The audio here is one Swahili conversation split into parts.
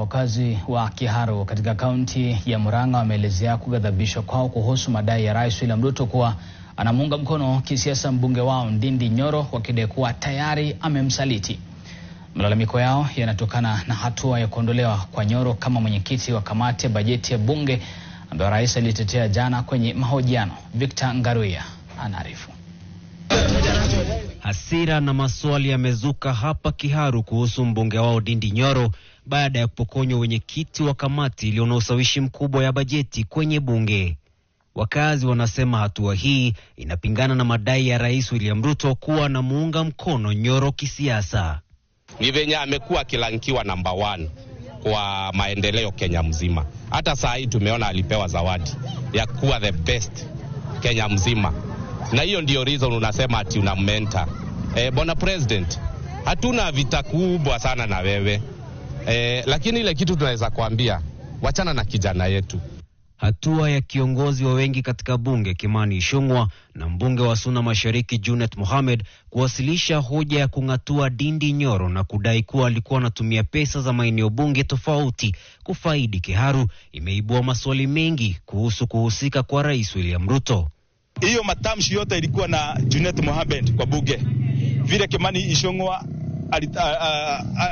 wakazi wa Kiharu katika kaunti ya Murang'a wameelezea kughadhabishwa kwao kuhusu madai ya Rais William Ruto kuwa anamuunga mkono kisiasa mbunge wao Ndindi Nyoro, wakidai kuwa tayari amemsaliti. Malalamiko yao yanatokana na hatua ya kuondolewa kwa Nyoro kama mwenyekiti wa kamati ya bajeti ya bunge ambayo rais alitetea jana kwenye mahojiano. Victor ngaruya anaarifu. Hasira na maswali yamezuka hapa Kiharu kuhusu mbunge wao Dindi Nyoro baada ya kupokonywa wenyekiti wa kamati iliyo na ushawishi mkubwa ya bajeti kwenye bunge. Wakazi wanasema hatua hii inapingana na madai ya Rais William Ruto kuwa anamuunga mkono Nyoro kisiasa. Ni venye amekuwa akilankiwa namba one kwa maendeleo Kenya mzima. Hata saa hii tumeona alipewa zawadi ya kuwa the best Kenya mzima na hiyo ndio reason unasema ati una mentor. eh. bwana president, hatuna vita kubwa sana na wewe e, lakini ile kitu tunaweza kuambia, wachana na kijana yetu. Hatua ya kiongozi wa wengi katika bunge Kimani Ichung'wah na mbunge wa Suna Mashariki Junet Mohamed kuwasilisha hoja ya kung'atua dindi Nyoro na kudai kuwa alikuwa anatumia pesa za maeneo bunge tofauti kufaidi Kiharu imeibua maswali mengi kuhusu kuhusika kwa Rais William Ruto hiyo matamshi yote ilikuwa na Junet Mohamed kwa bunge, vile Kimani Ishongwa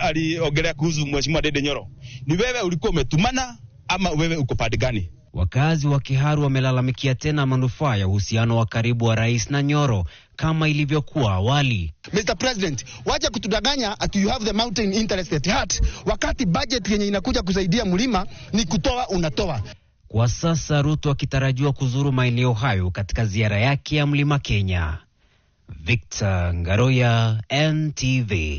aliongelea kuhusu mheshimiwa Dede Nyoro. Ni wewe ulikuwa umetumana ama wewe uko pande gani? Wakazi wa Kiharu wamelalamikia tena manufaa ya uhusiano wa karibu wa rais na Nyoro kama ilivyokuwa awali. Mr President, waje kutudanganya ati you have the mountain interest at heart, wakati budget yenye inakuja kusaidia mlima ni kutoa unatoa. Kwa sasa Ruto akitarajiwa kuzuru maeneo hayo katika ziara yake ya Mlima Kenya. Victor Ngaroya, NTV.